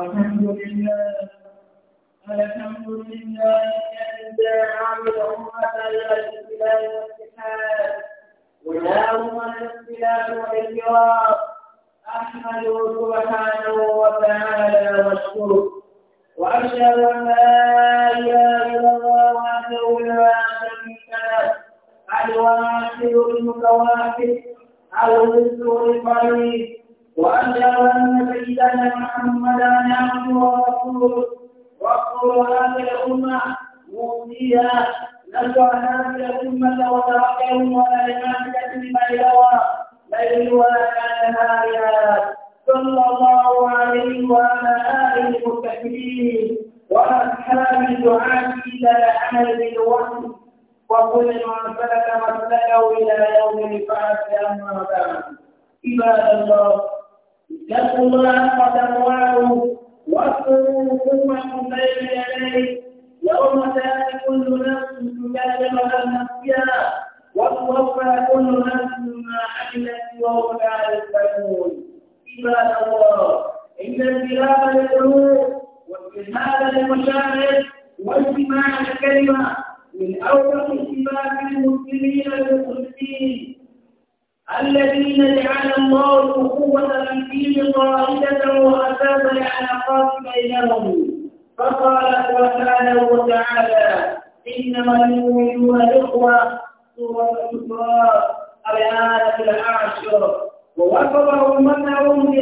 الحمد لله الحمد لله الذي جعل أمة الاختلاف والاتحاد ولا أمة الاختلاف والانفراد أحمده سبحانه وتعالى واشكره وأشهد أن لا إله إلا الله وحده لا شريك له الواحد المتوافق الرزق القريب وأشهد أن سيدنا محمدا عبده ورسوله وأقول هذه الأمة مهديها نشر هذه الأمة وتركهم ولا لمامة لما يروى ليل ولا نهارها صلى الله عليه وعلى آله المتكبرين وأصحاب الدعاة إلى العمل بالوحي وكل من سلك مسلكه إلى يوم البعث أما بعد عباد الله اتقوا الله وتقواه واذكروا حكمكم بين يديه يوم تاتي كل نفس تكلم عن نفسها وتوفى كل نفس ما عملت وهم لا يظلمون عباد الله ان انقلاب القلوب واستجهاد المشاعر واجتماع الكلمه من اوثق اتفاق المسلمين المخلصين الذين جعل الله الأخوة من الدين قاعدة وأساس العلاقات بينهم فقال سبحانه وتعالى إنما المؤمنون الإخوة سورة الأخرى الآية العاشرة ووصفهم أمتهم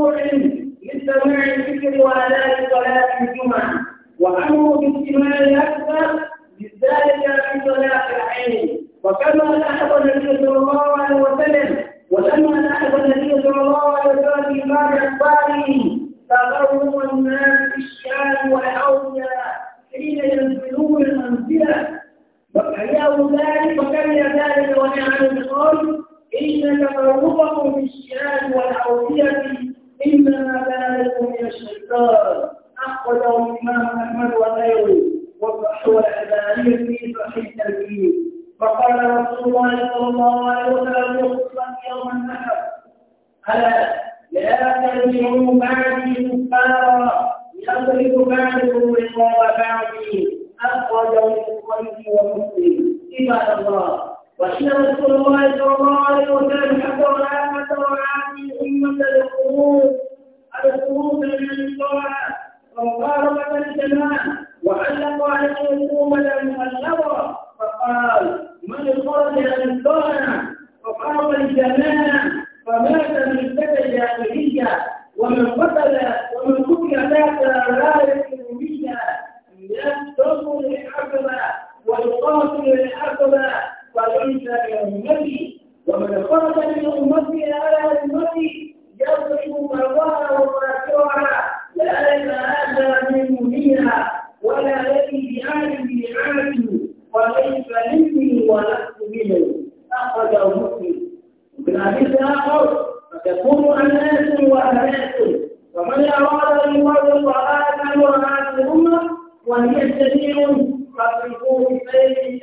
مشروع لسماع الذكر واداء صلاه الجمعه وامر الأرض فتكون أناس وأناس ومن أراد أن يفرق هذا وهذه أمة وهي سبيل فاتركوه في سبيل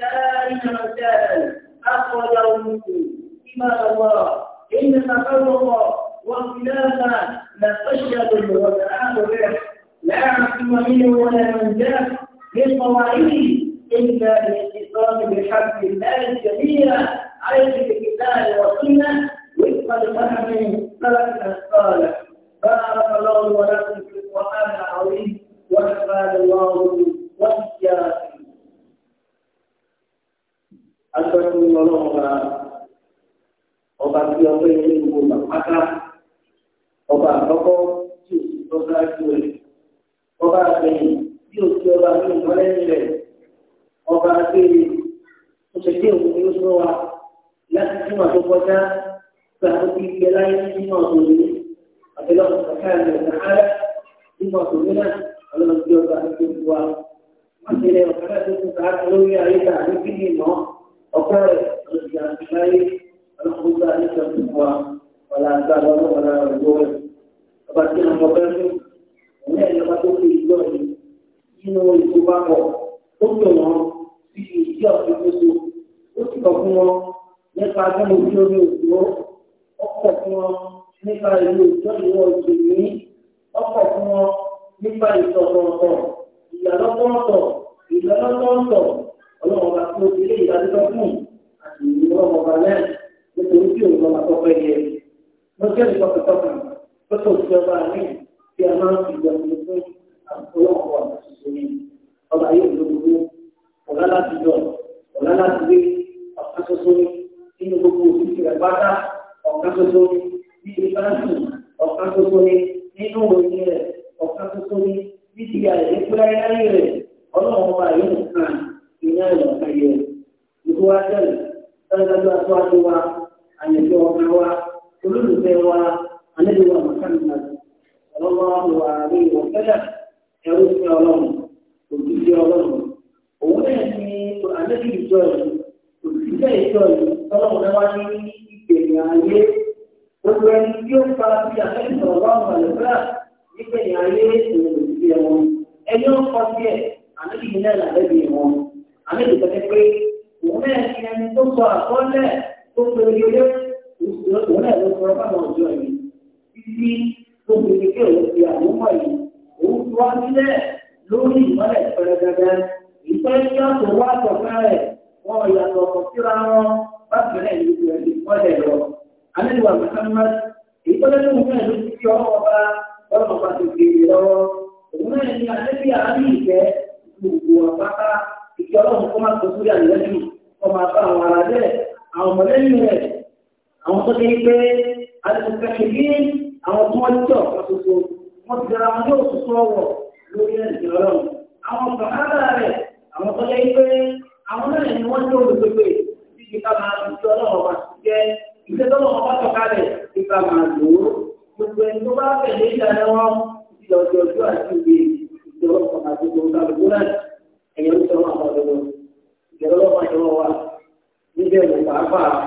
lẹ́nu nítorí tí òun lọ́la tọ́pẹ́ yẹ. wọ́n jẹ́ ìtọ́kùtọ́kù pẹ́tọ́ ìjọba mi tí a máa ń fi ìjọba mi fún àkọlọ́kọ̀ àtúnṣe mi. ọba yóò ló gbogbo ọ̀gá láti jọ ọ̀gá láti gbé ọ̀gá ṣoṣo ní inú gbogbo òfìsì rẹ̀ pátá ọ̀gá ṣoṣo ní ibi báńkì ọ̀gá ṣoṣo ní nínú òyìn rẹ̀ ọ̀gá ṣoṣo ní títí àìlẹ́kúrẹ́ ayé rẹ̀ ọlọ́run ọba yóò kàn ìyá ìlọ́kàn yẹ ìfowópamọ́ dájúdájú aṣáájú wa àyẹ̀jọ́ ọmọ wa olólùfẹ́ wa anẹ́lẹ́wà mọ̀kànlá ọlọ́wọ́ wa rí ìwọ̀sẹ́lẹ̀ ẹ̀rú sí ọlọ́run òjijì ọlọ́run òun náà ní anẹ́lẹ́ ìjọ yìí òjijì ìjọ yìí tọ́lọ́run náà wá ní ìgbẹ̀yìn ayé gbogbo ẹni tí ó fara sí anẹ́lẹ́ ọlọ́run àlùfáà nígbẹ̀yìn ayé ìrìn òjijì ẹ̀wọ̀n ẹni ó kọ́ sí ẹ̀ anẹ́lẹ́ ìjọ náà làbẹ́ òun náà ni ẹni tó òun náà ni alẹ́bí àárín ìfẹ́ gbogbo ọ̀pá ìfẹ́ ọlọ́run kọ́ má tó ọmọ àtọ́ àwọn ará bẹ́ẹ̀ àwọn mọ̀lẹ́bí rẹ̀ àwọn tó ti pé alùpùpù bí àwọn tó wọ́n jọ ọ̀tọ̀tọ̀ wọ́n ti dára wọn yóò tuntun ọwọ́ lórí ẹ̀sìn ọlọ́run àwọn bàbá rẹ̀ àwọn tó lẹ́yìn pé àwọn náà ni wọ́n yóò lùpẹ̀pẹ̀ títí ká máa ń tọ́ ọlọ́run wá sí jẹ́ ìṣẹ́ tọ́lọ́run wá tọ̀kalẹ̀ ìgbà máa lò ó gbogbo ẹni tó àlùfáà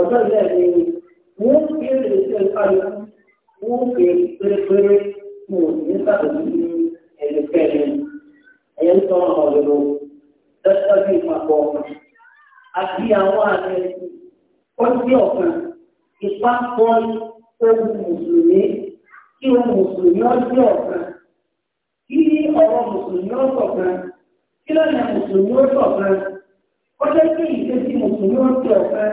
ọjọ́ ìlẹ̀ ni wọ́n fi èrè sí ẹ̀kárí wọ́n fi pérépéré mo ní sàbẹ̀lú ní ẹnikẹ́ni ẹ̀yẹ ń tọ́ ọ̀rọ̀ lọ́wọ́ lọ́sọ́ bí ìpapọ̀ àti àwọn àmì ọtí ọ̀kan ìpapọ̀ ohun mùsùlùmí kí ohun mùsùlùmí ọtí ọ̀kan kí ọ̀rọ̀ mùsùlùmí ọ̀tọ̀ kan kí lọ́nà mùsùlùmí ọ̀tọ̀ kan ọjọ́ kí ìgbésí mùsùlùmí ọtí ọ̀kan.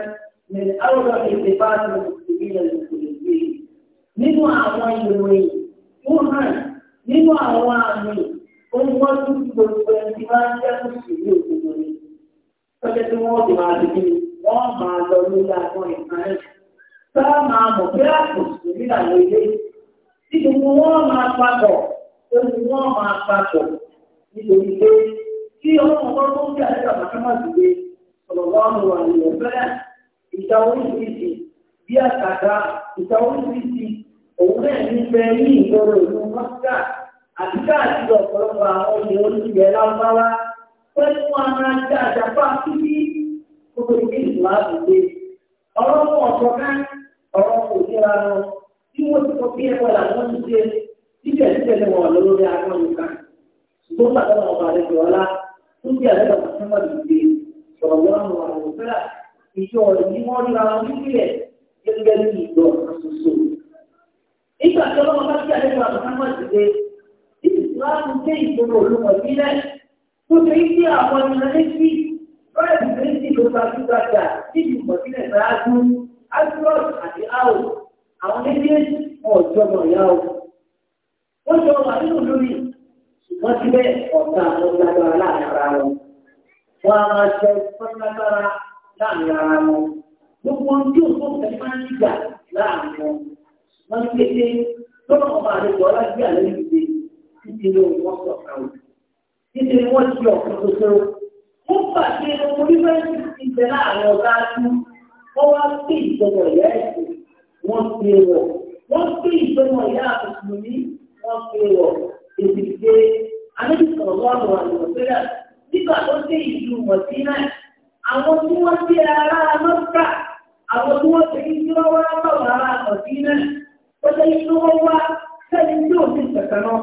من أوضح صفات المسلمين المسلمين nínú àwọn ìròyìn tó hàn nínú àwọn àmì ohun wọ́n tún ti gbogbo ẹni tí máa ń jẹ́ mùsùlùmí òkúta ni tọ́jọ́ tí wọ́n ti máa ti bí wọ́n máa lọ lórí àwọn ìpànìyàn tá a máa mọ̀ pé àkùsù nílànà ilé tí gbogbo wọ́n máa papọ̀ ohun wọ́n máa papọ̀ nítorí pé kí ọmọ ọmọ tó ń bí àlejò àbákámà dìde ọ̀rọ̀ lọ́rùn àlejò fẹ́rẹ́ ìta oríṣiríṣi bí àtàkà ìta oríṣiríṣi òun náà ní bẹ ní ìgboro ìlú mọ́síkà àti káàkiri ọ̀pọ̀lọpọ̀ àwọn ilé oníṣẹ́ lágbára pẹ̀lú ara jẹ́ àjàpá títí gbogbo ìdí ìlú àdúgbò ọlọ́mọ ọ̀tọ̀ká ọ̀rọ̀ kò níra lọ tí wọ́n ti sọ bí ẹ̀kọ́ làwọn ti ṣe títẹ̀ títẹ̀ ní wọn lórí àwọn ìka ṣùgbọ́n pàtàkì ọ̀bàdàn ìjọba tó ìjọ rẹ̀ ní wọ́n ríra wọn níbí ẹ̀ gẹ́gẹ́ bí ìjọ àṣoṣo. Nígbà tí ọlọ́run bá kí àlejò àbùkámọ̀ dìde, ìsìláàmù dé ìgboro olùkọ́ ìbílẹ̀ tó ṣe ń gbé àwọn ìran létí báyìí méjì ló gbajúgbajà níbi ìmọ̀sílẹ̀ ṣáájú Azros àti Ao àwọn méjèèjì wọn ọ̀jọ́ mọ̀ ìyá o. Wọ́n jọ wà nínú lórí ṣùgbọ́n síbẹ̀ ọ̀gá àwọn ìlànà aláàbára wọn. Wọ́n á máa ṣe fọ́nlágbára láàrin ara wọn gbogbo ohun tí òkú ọ̀sẹ̀ máa ń gbà láàrin wọn wọn ń kété lọ́nà ọmọ àlejò ọlájú àlejò ìgbé títí ní òun wọn sọ̀kà o títí ní wọ́n ti ọ̀kan ṣoṣo ó pàṣẹ onífẹ́sì ti bẹ láàrin ọ̀gá tú wọ́n wá pé ìjọba ìyá ẹ̀sìn wọ́n pè wọ̀ wọ́n pé ìjọba ìyá àtùtùmí wọ́n pè wọ̀ èsì pé alẹ́ sọ̀rọ̀ lọ́rùn àlùmọ̀tẹ́lẹ̀ àwọn tí wọ́n ti ara mọ́ta àwọn tí wọ́n ti rí tí wọ́n wá sọ̀rọ̀ ara àtọ̀sí náà ó jẹ́ inú wọn wá sẹ́ni tí ò sí ìpẹ̀sẹ̀ náà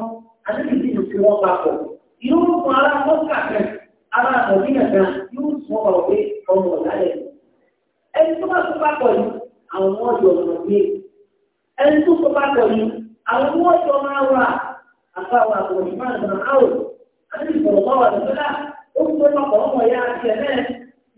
àti ìdí ìdí wọn papọ̀ yóò fún ara mọ́ta ara àtọ̀sí nìkan yóò sún ọ̀rọ̀ pé ọmọ ọ̀dálẹ̀ ẹni tó bá tún papọ̀ yìí àwọn ọ̀dọ̀ ọ̀nà gbé ẹni tó tún papọ̀ yìí àwọn ọ̀dọ̀ máa wà àfàwà àtọ̀sí máa ń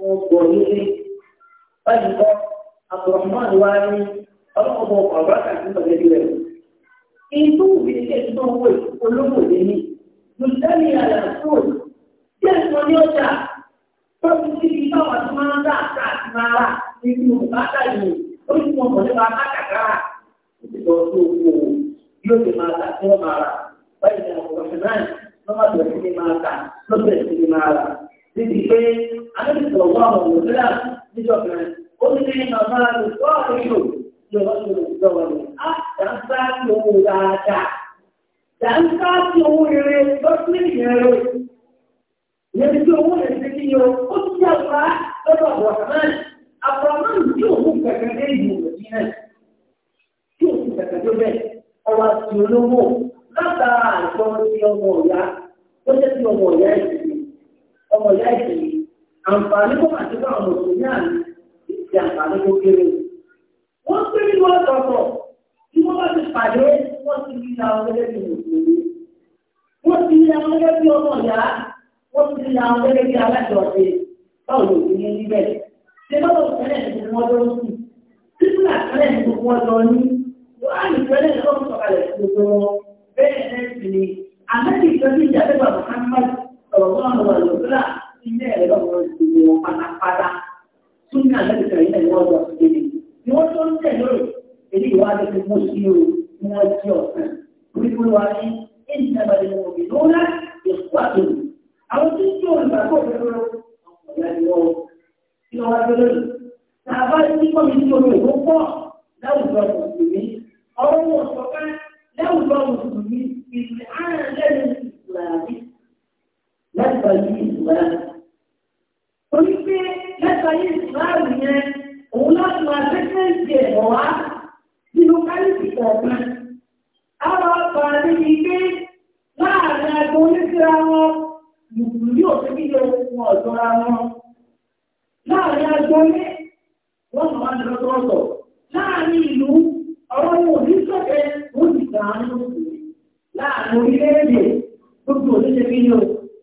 wọn gbọ́ nílé báyìí kọ́ abdulrahman wa ní ọlọ́mọbọ ọ̀rọ̀ àkàtì mọ̀lẹ́bí rẹ̀ èyí tó wù mí ní kéèké tó ń wò olówó lé ní lùsẹ́lì àlàfóòn tí ẹ̀sán ní ọjà tó ti ti fi bá wàá tó máa ń dá àká àti máa rà nínú bàtà yìí ó sì mọ̀ mọ̀ nípa bàtàkàrà ó sì lọ sí oko yóò ti máa tà tí wọ́n máa rà báyìí ni àwọn ọ̀sẹ̀ náà lọ́wọ́ àti ọ̀sẹ̀ máa tà lọ́sẹ̀ ni máa rà níbi pé alẹ́sọ̀rọ̀ wà wọ̀ sílá níjọba ó ní kí màmá rẹ̀ wà nínú ìjọba tó lè jọba rẹ̀ á dáńtà sí owó dáadáa dáńtà sí owó rere lọ́sílẹ̀ ìyẹn rẹ̀ ìyẹn ti owó rẹ̀ ti yọ ó ti yà wá lọ́dọ̀ abrahaman abrahaman tí òun kẹ̀kẹ́ dé ìlú rẹ̀ yẹn tí òun kẹ̀kẹ́ dé bẹ́ẹ̀ ọwọ́ àti olówó látara àìsàn ti ọmọ ọ̀yá ó jẹ́ ti ọmọ ọ̀yá yìí ọmọ ìyá ìṣèlú àǹfààní kó màtí bá àwọn mùsùlùmí àná ìṣe àǹfààní tó kéré wọ́n pín ní wọ́n tí wọ́n bá ti pàdé wọ́n ti rí àwọn gẹ́gẹ́ bí mùsùlùmí. wọ́n ti rí àwọn gẹ́gẹ́ bí ọmọ ìyá wọ́n ti rí àwọn gẹ́gẹ́ bí aláṣọ báwo ló ti yé níbẹ̀. ṣé báwo ìfẹ́lẹ̀ ní gbogbo wọn lọ sí? títí àtẹ́lẹ̀ ní gbogbo wọn ní ọ̀rọ̀ náà lọ lọ sílá ilé ẹ̀rọ wọn ti wọ pátápátá súnmí àlẹ́bìtà yìí ni wọ́n lọ sí ibi ni wọ́n tó ń tẹ̀ lórí èyí ìwádìí ti mú sí o ni wọ́n ti ọ̀sán onígbòrò wa ní èyí náà bá lè mú omi lóra èkó àtòlù àwọn tí ń tí òun ìgbà kó òfin lọ ọ̀gá ni wọ́n kí wọ́n wá lórí tá a bá ní kọ́mi tí omi ò pọ̀ láwùjọ mùsùlùmí ọ̀rọ̀ wọn sọ̀ká láwùjọ mùsùlùmí ìsìn àárín lẹ́nu lẹ́tọ̀ yìí ìsúná. Orí pé lẹ́tọ̀ yìí ìsúná rì yẹn, òun láti máa tẹ́tẹ́ ìdí ẹ̀rọ wá nínú káyìsì kọ̀ọ̀kan. A lọ gbà níbi pé láàárín agbo oníṣẹ́ra wọn, Mùsùlùmí ò fi kíkẹ́ ohun ọ̀dọ́ra wọn. Láàárín agbo ní wọ́n máa ń lọ́tọ̀ọ̀tọ̀. Láàárín ìlú, ọ̀rọ̀ wọn ò ní sọ̀kẹ́, ó sì gbà á ní oṣù. Láàárín orílẹ̀-èdè, gbogbo òṣèṣe kí ni o.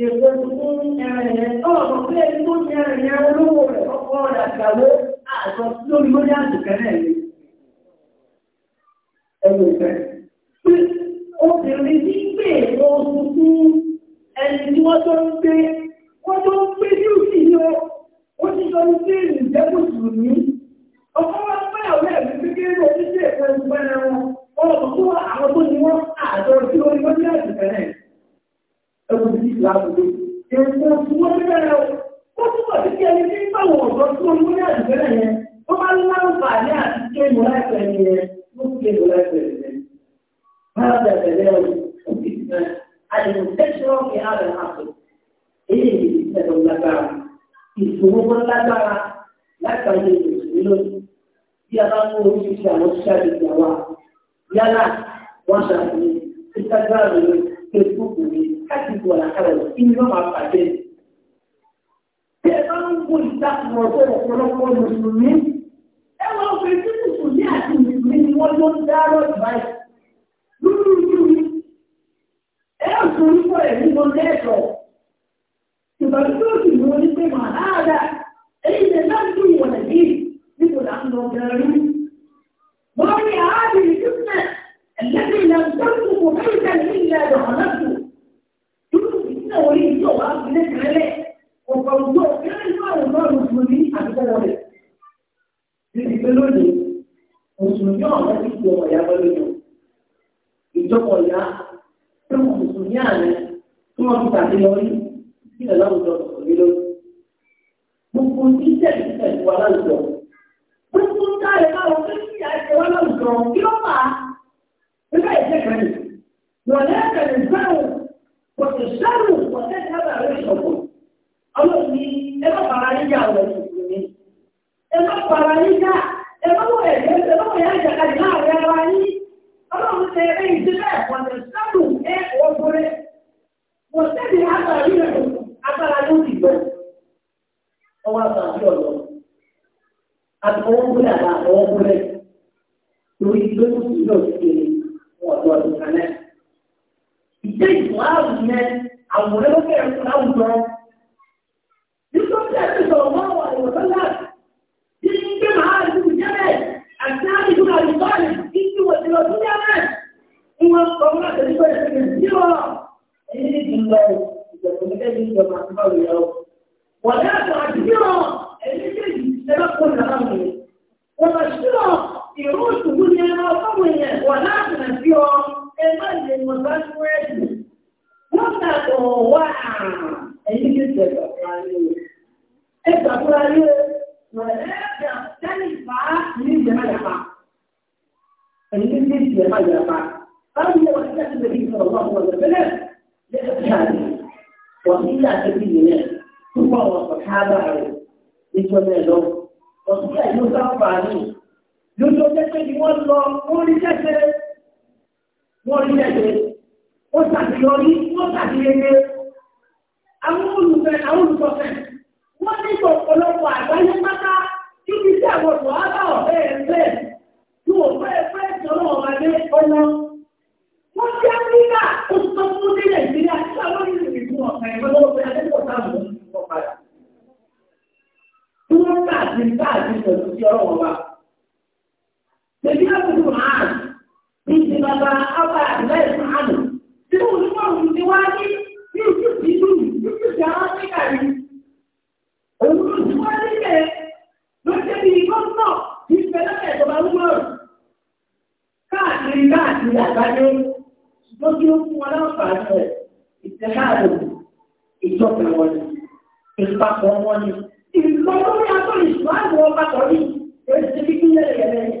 èso tó ń yàrá yẹn ọ̀rọ̀ pé ẹni tó ń yàrá yẹn olówó rẹ̀ ọkọ̀ ọ̀dà gbàwó àjọ lórí lórí àjùkẹ́ náà ni ẹwọ ìfẹ́. obìnrin tí ń pè oṣù fún ẹni tí wọ́n tó ń gbé wọ́n tó ń gbé ní òsì ni ó ó ti sọ ní pé ìjẹ́kùsù ní ọkọ̀ wọn pẹ́ ọ̀rẹ́ mi kékeré ló ti ṣe ìfẹ́ ìgbẹ́ náà wọn ọ̀rọ̀ tó àwọn tó ní wọ́n àjọ tí ó ní lórí àjùkẹ́ náà ẹ̀rù ti di ìlànà lé. Èkó tí wọ́n ti bẹ̀rẹ̀ o, ó túbọ̀ sí kí ẹni tí ń bá wọn ọ̀dọ́ tí wọ́n mú ní àdìgbẹ́rẹ̀ yẹn, ó máa ń láǹfààní àti ké mọ́ láìpẹ́ ni yẹn, ó ti ké mọ́ láìpẹ́ ni yẹn. Máa bẹ̀rẹ̀ lẹ́ o, ó ti ti náà, àdìgbò tẹ́sán fi àrẹ̀ àpò. Èyí ni ìṣẹ̀lẹ̀ lágbára, ìṣòro wọn lágbára látàrí ìṣòro lónìí. Bí a bá mú oríṣiríṣi àwọn ṣáàdì ìgbà wa, yálà wọ́n ṣàfihàn Instagram lónìí. Facebook ni káàkiri bọ̀ làkàrà lọ kí ni wọ́n máa bàjẹ́. Bí ẹ bá ń wo ìdákùnrọ̀ tó ọ̀pọ̀lọpọ̀ mùsùlùmí, ẹ wá òfin tí mùsùlùmí àti mùsùlùmí ni wọ́n ló ń dárọ̀ ìbáyìí. Lúlú ìlú ni ẹ yóò tún orúkọ rẹ̀ nínú lẹ́ẹ̀tọ̀. Ìbàdí tó sì ní onígbé màá dáadáa, èyí lè náà tún ìwọ̀n nàìjíríì nípò là ń lọ gẹ̀rẹ́ rí. Wọ́n ní àádìrí الذي لم تملك بيتا إلا دخلته يوسف إن ولي سوى من الكلام وقوله كان المال المال المسلمين أكثر منه níbi lónìí mùsùlùmí ọ̀rẹ́ ti di ọmọ ìyá lọ́lọ́yọ̀ ìjọpọ̀ ìyá tó mọ mùsùlùmí àárẹ̀ tó wọn fi tàbí lọ́rí sílẹ̀ láwùjọ mùsùlùmí lórí. gbogbo ní tẹ̀lé tẹ̀lé wa láwùjọ gbogbo ń dá ẹ̀ báwọn tó ń wa láwùjọ kí ló fà á. إلا يتكلم ولكن الفهم وتسلم وتذهب رزقكم الله ni ẹ má fara yíyá ọ̀rọ̀ ìsìnkú ni ẹ má fara yíyá ẹ má wọ ẹ̀jẹ̀ ẹ má wọ ẹ̀yà ìjàkadì láàrin ara yín ọlọ́run ṣe ẹgbẹ́ ìdílé ọ̀dẹ̀ sẹ́dùn ẹ ọ̀gbọ́rẹ́ wọ́n tẹ́lẹ̀ agbára rírẹ̀ agbára ló ti gbọ́ ọwọ́ lórí lórí ìlú òṣìṣẹ́ fún ọ̀dọ́ ọdún kan náà. Ìṣe ìsìláàmù yẹn àwòrán lókè ẹ̀kọ́ láwùjọ. Yusuf Jẹ́sí sọ̀rọ̀ mọ́ àwọn náà. Bí ní pé màá àdúgbò jẹ́bẹ̀ àti àdúgbò àdúgbò àdúgbò kí tí wọ́n ti lọ sí jẹ́bẹ̀. Ní wọ́n sọ wọn láti rí pẹ̀lú ẹ̀sìn sí lọ. Ẹni ní kí n lọ ìjọba ní kẹ́kẹ́ ìjọba àti báwo yẹ ọ. Wọ́n dá àtọ̀ àdúgbò ẹni ní kí ìjọba kó ìrú ìṣubú ni ẹran ọgọ́rùn èèyàn wà láti nà ọ ẹ má lè mọ sáájú wọ́n nà tó wà ẹ̀yìn ní o ẹ gbàgbọ́ra ní o ní ìjẹ̀má yàpá ẹ̀yìn ti ìjẹ̀má yàpá báwo ni wọ́n ti tẹ̀lé ìjẹ̀má yàpá wọ́n ti tẹ̀lé ìjẹ̀má yàpá wọ́n ti tẹ̀lé Túbọ̀ wọn kò ká bá lójú ọjọ́ pé ni wọ́n lọ wọ́n rí tẹ́tẹ́ wọ́n rí tẹ́tẹ́ wọ́n ṣàṣeyọrí wọ́n ṣàṣeyẹyẹ àwọn olùfẹ́ àwọn olùkọ́fẹ́ wọ́n ní ọ̀pọ̀lọpọ̀ àgbáyé pátá níbi tí àwọn àwọn ìlú ìlú ọ̀fẹ́ ìfọwọ́fẹ́ Bẹ̀bí àbùkù máa ní ti bàbá àbá àbẹ̀ ìsàánù. Tí mo ní wọ́n mú ti wá ní ní ojú ti lù ní ojú ti àwọn Áfíríkà rí. Òun ló ti wá nílẹ̀ ló ṣe bí gómìnà ní ìfẹ́lẹ́fẹ́ ìjọba wúlọ̀. Káàkiri káàkiri àgbáyé ṣùgbọ́n kí ó fún wọn láǹfààní rẹ̀ ìtẹ̀láàdò ìjọba wọn ni ìpapọ̀ wọn ni. Ìgbọ́n lórí agbọ́n ìṣùgbọ́n àwọn ọba kọ̀ọ̀lì èsì kíkí lẹ́yẹ̀lẹ́yẹ̀.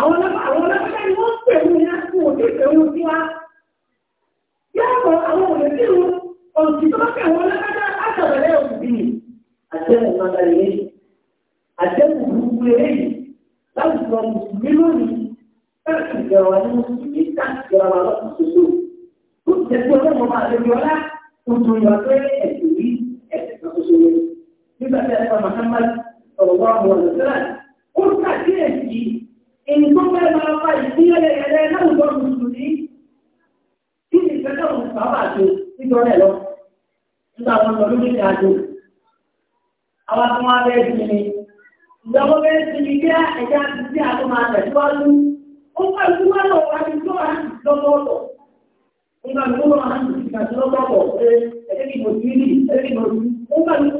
àwọn ọlọ́pàá ni wọ́n pè mí ní àti òde ìpẹ̀wò sí wa. Yàtọ̀ àwọn òde tí o ọ̀sìn tó bá fẹ́ àwọn ọlọ́pàá àtàbẹ̀rẹ̀ òbí mi. Àtẹ̀wò máa lè àtẹ̀wò gbogbo eré yìí láti lọ mùsùlùmí lónìí káàkiri ìjọba wa ní mùsùlùmí káàkiri ìjọba wa lọ́sùn ṣoṣo. Ó ti tẹ̀sí ọlọ́mọ máa lè yọlá tuntun yọ pé ẹ̀sìn rí ẹ̀sìn kan ṣoṣo lé. Nígbà tí a èyí tó fẹ́ máa fa ìdílé ẹ̀rẹ́ láwùjọ mùsùlùmí kí ni ìfẹ́ náà ń sábà jò nítorí ẹ̀ lọ nígbà wọn lọ lórí ìrìnàjò àwọn tó wá bẹ́ẹ̀ sí ni ìjọba bẹ́ẹ̀ sí ni bí ẹja ti sí àtọ́ máa tẹ̀síwájú ó fẹ́ ìlú wá lọ wá ní tó wà ní lọ́tọ̀ọ̀tọ̀ nígbà tó wọ́n máa ń tìkà sí lọ́tọ̀ọ̀tọ̀ pé ẹ̀jẹ̀ kì í mọ̀ sí ní ẹ̀jẹ̀ kì í mọ̀ sí ó fẹ́ ìlú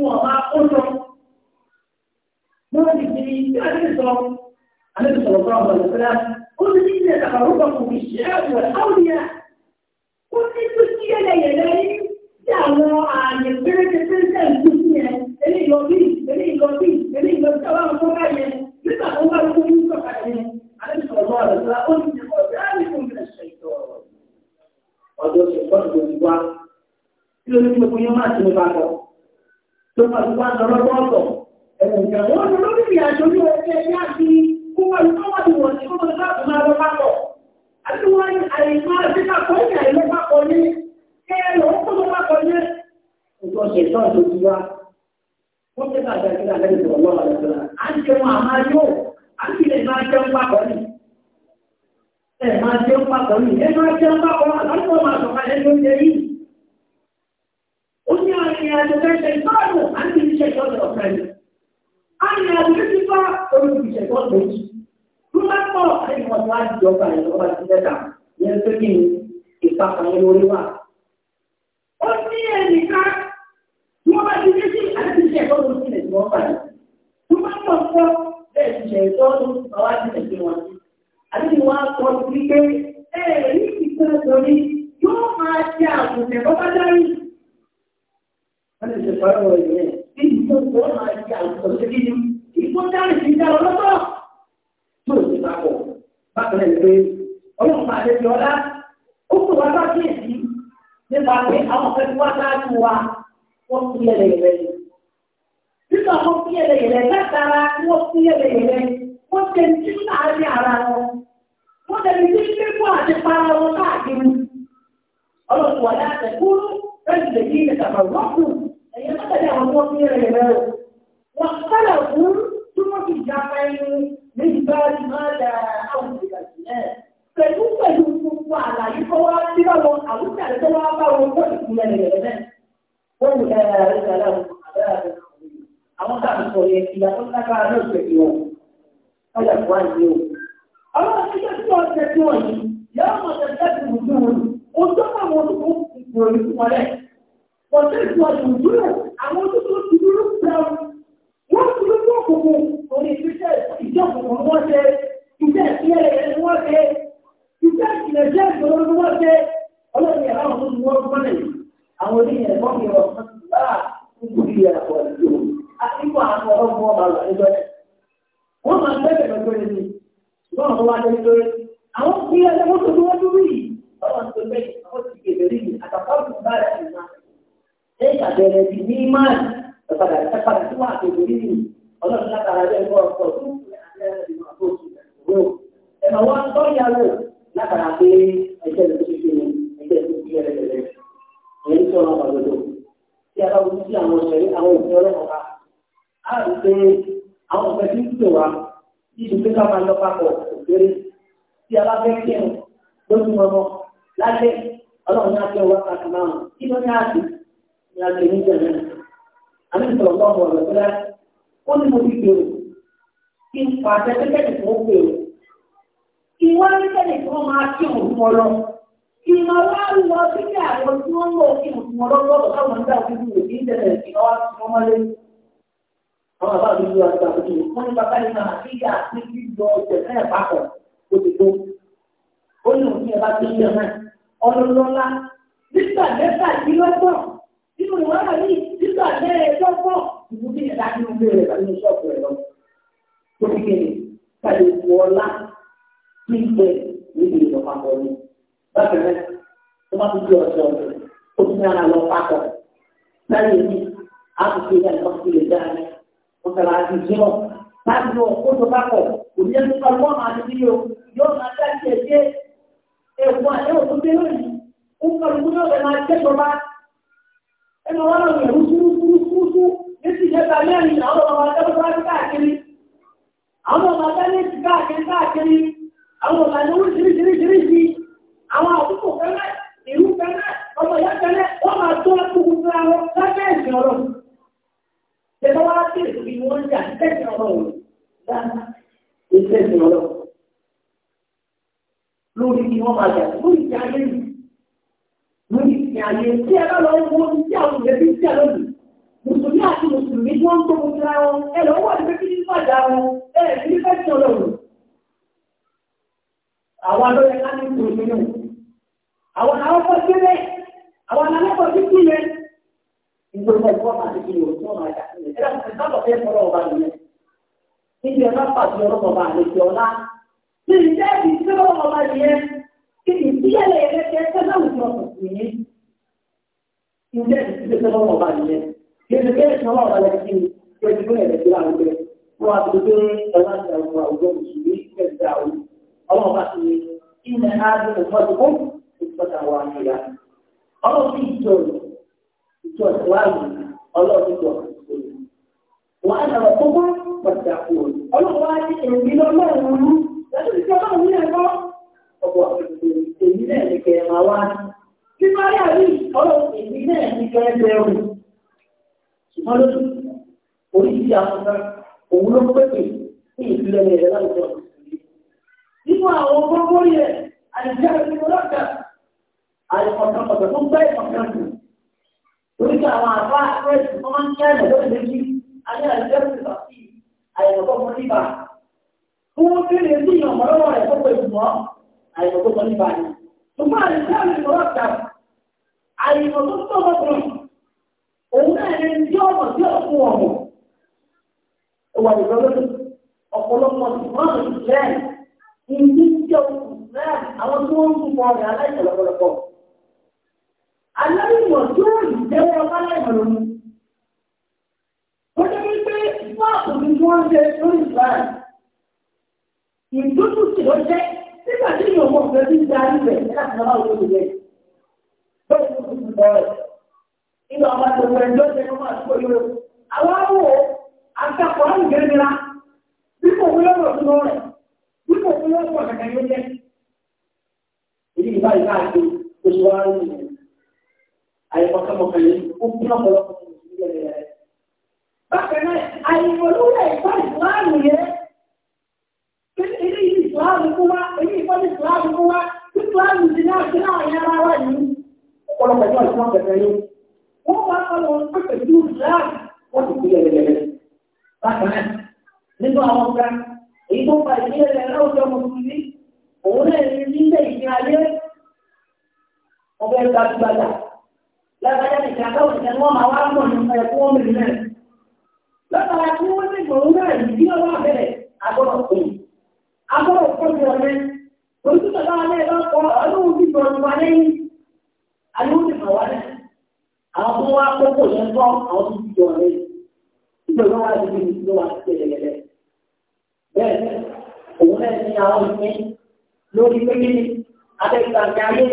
wọn النبي صلى الله عليه وسلم قل إن تقربكم بالشعاب والأولياء قل إن تسقي ليالي دعوة عن البركة تنسان تسقي إلي يوبي إلي يوبي إلي يوبي سواء مقايا لما هو لكم يوسف عليه النبي صلى الله عليه وسلم قل إن ذلكم من الشيطان ọjọ́ ṣe fọ́ọ̀tù ti wá kí ló ní kí gbogbo yẹn máa ti ní bá lọ tó pàṣípàá lọ́rọ́ bọ́ọ̀tọ̀ ẹ̀wọ̀n ìjà wọn lórí ìrìn àjò ní ọjọ́ ẹgbẹ́ àti gbogbo ìtọ́wọ́ ni wọ̀n ní gbogbo láti máa lọ pápọ̀. àlejò wọn tó wá jù ọgbà yẹn ti dẹ́ta yẹn tó kí ni ìpapà yẹn lórí wà. ó ní ẹnìkan tí wọ́n bá ti dé sí àti ṣe ẹ̀kọ́ ti lè tí wọ́n fà yìí. bá mọ̀ fọ́ ti ṣe ẹ̀kọ́ tó ti bá wá ti lè wọn sí. àlejò wọn kọ́ sí pé ẹ̀ẹ́dì ìkan sọ̀rí yóò máa ṣe àgùntàn bọ́bá dárí. wọ́n lè ṣe pàrọ̀ ìyẹn bí ìtọ́jú máa ṣe àgùntàn papọ̀ bákan náà pé ọlọ́run máa lè ọlá ó kò wá bá kíyèsí nípa pé àwọn ọ̀fẹ́ tí wá dájú wa wọ́n kú yẹlẹyẹlẹ yìí. nínú àwọn kú yẹlẹyẹlẹ látara tí wọ́n kú yẹlẹyẹlẹ wọ́n tẹ̀ ní títí láàárín ara wọn wọ́n tẹ̀ ní títí pé fún wọn káàkiri. ọlọ́run wà láti kúrú lẹ́yìn lè yí ìtàkàrọ̀ wọ́n kù ẹ̀yẹ́ mọ́tàdé àwọn tó wọ́n kú yẹlẹyẹlẹ rẹ̀ wọ́n kálẹ̀ wọ́n ti já ẹnu méjì bá rí máa Pẹ̀lú pẹ̀lú gbogbo àlàyé tó wá sí lọ́wọ́ àwùjọ àti tó wá bá wọn kó ìpínlẹ̀ rẹ̀ náà. Wọ́n mú ẹ̀ ẹ̀ àwọn tá a sọ yẹn ìyá tó wọn. Wọ́n yà wá ní o. Àwọn ìṣẹ́ tí wọ́n ṣe tí wọ́n yìí yọ ọmọ tẹ̀síẹ́ ti wù sí wọn. Ojú àwọn olùkọ́ ìgbòho Wọ́n tẹ̀síwọ́n ìwúlò àwọn olùkọ́ ìdúró òkùnkùn orí ìfisẹ́ ìjọkùnkùn wọ́n ṣe ìfẹ́ ìfilẹ̀ ẹni wọ́n ṣe ìfẹ́ ìfilẹ̀ jẹ́ ìṣòro ni wọ́n ṣe ọlọ́run yàrá àwọn tó ti wọ́n gbọ́n lẹ̀ àwọn oníyẹn ẹ̀kọ́ mi rọ̀ bá nítorí ẹ̀kọ́ ìlú àtìkọ́ àwọn ọlọ́run wọn bá lọ níjọ́ wọ́n máa bẹ̀rẹ̀ lọ́jọ́ ẹni ṣùgbọ́n àwọn wá lẹ́yìn lórí àwọn kí ẹlẹ́ wọ́n tó tó wọ́n dúró yìí ọlọ́run tó lẹ́yìn àwọn ti kèbè rí yìí àtàkọ́ ìlú bá rẹ̀ ṣùgbọ́n ẹ̀yà bẹ̀rẹ̀ bí ní máàlì ẹ̀padà ẹ̀padà tí wọ́n àtẹ̀wé rí yìí ọlọ́run látara ẹgbẹ́ ìwọ ọkọ̀ tó kù ẹ̀mọ̀ wọn tó yàwó látara pé ẹgbẹ́ ìlú ṣe kéwòn ẹgbẹ́ ìlú ṣe ẹlẹ́gbẹ̀rẹ̀ èyí tí wọn bá lọ́dọ̀ tí a bá wù sí àwọn ọ̀sẹ̀ àwọn òfin ọlọ́run ká á rí pé àwọn ọ̀fẹ́ tí ń pè wá nínú pé ká máa lọ papọ̀ òkèrè tí a bá kí ẹ̀ ní àti ọwọ́ àti márùn ní àti ní ní jẹ̀mẹ́ àmì ìtọ̀ ọgbọ́n ó ní mo ti bèrè kí n pàṣẹ pẹ́kẹ́tì fún ó bèrè kí wọ́n ní kẹ́lẹ̀ kí máa kí òun fún ọ lọ kí wọ́n wá lọ sílé àwọn tí wọ́n ń lọ kí òun fún ọ lọ́wọ́ táwọn ń dá òfin ìwé ní ìdẹ̀rẹ̀ kí wọ́n wá sí ọmọ lé àwọn àbá mi ló wá sí àbúrò wọn ní bàbá yìí máa kí ìyá àti kí lọ ọ̀sẹ̀ náà papọ̀ ó ti tó ó ní òun yẹn bá tó yẹ náà ọlọ́lọ́lá ìlú bí ẹ̀dá nínú ilé rẹ̀ tàbí ní ṣọ́ọ̀bù rẹ̀ lọ. Tó fi kéde káyọ̀ ìlú ọlá ní ìgbẹ́ níbi ìlú papọ̀ Bákan náà, tó bá tún di ọ̀sẹ̀ ọ̀sẹ̀, ó tún yára lọ papọ̀. Láyé mi, a kò fi ìdájọ́ sí ilé dáadé. Mo sọ̀rọ̀ àti ìjọ́. Láti lọ kó tó papọ̀, òbí ẹni ti bí o, yóò máa Ẹ máa wá lọ yẹ̀rú fúrúfúrúfúrú. Títí ìjẹta mẹ́rin àwọn ọmọ akẹ́kọ̀ọ́ káàkiri. Àwọn ọmọ akẹ́kọ̀ọ́ káàkiri káàkiri. Àwọn ọmọ akẹ́kọ̀ọ́ ṣiríṣiríṣiríṣi. Àwọn àkókò fẹ́rẹ́, ìlú fẹ́rẹ́, ọmọ ìyá fẹ́rẹ́, wọ́n máa tó ẹkùnkùn fún àwọn lábẹ́ ẹ̀sìn ọ̀rọ̀. Ṣẹ̀dá wá sí ètò bí wọ́n ń jà ẹ̀sìn ọ̀rọ̀ òun. Dáadáa, ìṣẹ́ ẹ̀sìn ọ̀rọ̀. mùsùlùmí àti mùsùlùmí tí ń tó gbogbo ara wọn ẹ wọ́n ti pé kí ní fàjà wọn ẹ kí ní fẹ́ẹ́ tí ọlọ́run. àwọn alóyè ká ní ìtòrò nínú Yẹ́nì pé ìṣọ́lá ọ̀bàlẹ̀ sí i, pé ti fún ẹ̀rẹ̀ sí láwọn pé wọ́n á ti gbé ẹ̀rọ àti àwọn àwùjọ òṣèlú ìgbẹ̀dá òun. Ọlọ́run bá ti ní ilẹ̀ áàbí ìfọ́dúnkún ìfọ́dà wa ní ìyá. Ọlọ́run fi ìjọ ìjọ ìwáyé ọlọ́run ìjọ ìṣòro. Wọ́n á dàgbà tó bá pàtàkì àkùrọ̀. Ọlọ́run wá ní èmi lọ́lọ́run rú. Lẹ́tọ́ ìṣẹ́ ọlọ́run ní ẹ̀kọ́. Ọ̀pọ̀ èmi náà ní kẹ̀rẹ̀ máa wá. Bí Máríà rí ọlọ́run èmi náà ní kẹ̀rẹ̀ ṣùgbọ́n lójú oríṣi àwọn kan òun ló pépè ní ìpínlẹ̀ ẹ̀rẹ́ láwùjọ. nínú àwọn gbogbo yẹ àìjẹ́ ìpínlẹ̀ lọ́gà àìkọ̀kọ̀kọ̀ tó ń bẹ́ ìkọ̀kan jù torí pé àwọn àbá àpẹẹrẹ tó máa ń jẹ́ ẹ̀rọ lórí méjì ayé àìjẹ́ ìpínlẹ̀ àìkọ̀kọ̀ mọ́ níbà. fún kíni sí ìyànmọ́lọ́wọ́ rẹ̀ tó pè mọ́ àìkọ̀kọ̀ mọ́ níbà ni. ṣùgbọ́n àìjẹ́ ìpínlẹ̀ lọ́gà àìkọ̀kọ̀ tó òun náà ẹni tí ọmọ tí ọkùn ọmọ ìwà ìgbàlódé ọ̀pọ̀lọpọ̀ ìmọ̀ràn ìṣẹ́ ìdí tí ọkùn náà àwọn tí wọ́n ń kú mọ́ ọ̀rẹ́ aláìsọ̀lọ́pọ̀lọpọ̀ aláìmọ̀ tí ó yìí jẹ́wọ́ aláìmọ̀ lónìí fáàkùnrin tí wọ́n ń jẹ lórí ìsìláì ìdójú sí ló jẹ́ nígbà tí èèyàn mọ̀ pé bí darí rẹ̀ láti náà wọ́n lè rẹ̀ bẹ́ẹ̀ ló ti bọ̀ rẹ̀ nínú àwọn àtẹ̀wò ẹjọ́ ṣe fún àṣìkò yìí àwọn àwọ̀ akẹ́kọ̀ọ́ àwọn ìgbẹ́nira bí kò fún lọ́wọ́ tó lọ́wọ́ rẹ̀ bí kò fún lọ́wọ́ kàkà yóò jẹ́ èyí ìgbà ìgbà àti oṣù wa ń rìn àyẹ̀kọ̀kọ̀kọ̀ yìí ó kún ọ̀pọ̀lọpọ̀ bákan náà àyẹ̀wòlúwẹ̀ ìgbà ìsìláàmù yẹn ilé ìsìláàmù kó wá èyí ìfọ́ ìsìláàmù kó wá ìsìláàmù ti náà ti náà yára wá yìí ọ̀pọ̀lọpọ̀ ìjọ ìsìláàmù kẹfẹ́ yìí wọ́n máa ń lọ sí pẹ̀lú láàrín wọ́n ti gbé ẹ̀rẹ̀ rẹ̀. Bákan náà, nínú àwọn ọ̀gá, èyí tó fa ìdílé rẹ̀ láwùjọ mùsùlùmí, òun náà ní nílé ìgbé ayé. Wọ́n fẹ́ gbajúgbajà. Lágbájá ti ṣe àtọ́wọ̀ ìṣẹ́ wọn máa wá mọ̀ ní ẹ̀kọ́ wọn mìíràn Lọ́tara tí wọ́n ní ìgbòho náà ìdí ọwọ́ àbẹ̀rẹ̀ agbọ́dọ̀ pè. Agbọ́dọ̀ pọ̀ jù ọ̀rẹ́. Oṣù tó tó wá kókò yẹn gbọ́ àwọn tó ti jọ rẹ̀ ìjọ ló wá sí ibi ló wá sí gẹ́gẹ́gẹ́. Bẹ́ẹ̀ òun náà ní àwọn ìpín lórí pété abẹ́gbàgbé ayé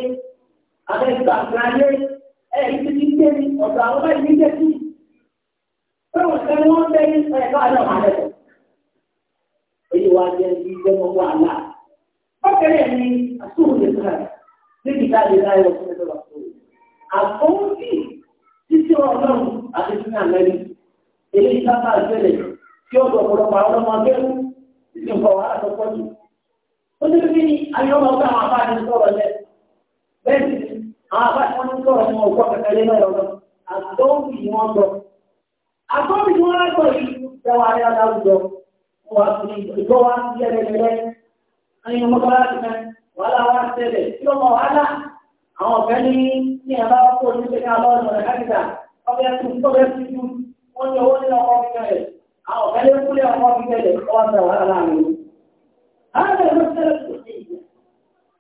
ẹ̀ ti ti dé ní ọ̀dọ̀ àwọn bá yìí dé Pé wọ́n fẹ́ wọ́n fẹ́ ní ẹ̀ka náà máa lẹ̀ Èyí wá jẹ́ ibi jẹ́mọ́ wà láà. Ọ̀kẹ́rẹ́ ni àtúwò lè fún ẹ̀ níbi ìdájọ́ láyọ̀ fún ẹ̀ tí wọn náà àti sínú àlẹ́lì eléyìí sábà ṣẹlẹ̀ tí ó gbọ̀pọ̀lọpọ̀ àwọn ọmọ akẹ́rù nínú nǹkan wàhálà tó pọ̀ jù. ó ní bí ayé ọmọ ọgbà àwọn afáàdé ń sọ̀rọ̀ lẹ bẹ́ẹ̀ sì àwọn afáàdé wọn ń sọ̀rọ̀ ní ọgbọ́n kẹkẹrẹ náà lọ́dọ̀ àtọ́wì ni wọ́n sọ. àtọ́wì ni wọ́n sọ yìí tẹwà ní aláwùjọ wà ìgbọ́ wa ti yẹ lẹ́lẹ́lẹ́ àwọn ọ̀fẹ́ ní ní ẹ̀bá kó ní pé ká lọ́ọ̀nà rẹ̀ káàkiri ọbẹ̀ tún tọ́bẹ̀ sí ju wọ́n ní owó nínú ọkọ̀ fífẹ́ rẹ̀ àwọn ọ̀fẹ́ lé kúlẹ̀ ọkọ̀ fífẹ́ rẹ̀ ọwọ́ sọ wàhálà láàrin هذا المسألة الصحية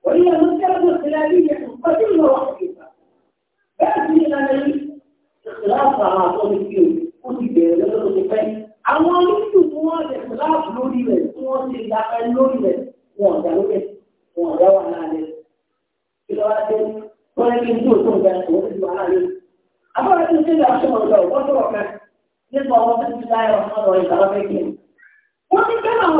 وهي مسألة خلافية قديمة وحديثة بأسم الأمل اختلاف تعاطون الكيو كتب للغفين عوامل تقوى اختلاف لوري بس وانت لا لوري بس وانت لوري وانت لوري ìlọ́wọ́ wọ́n ti wà láàyè. àbọ̀rẹ́ tó ń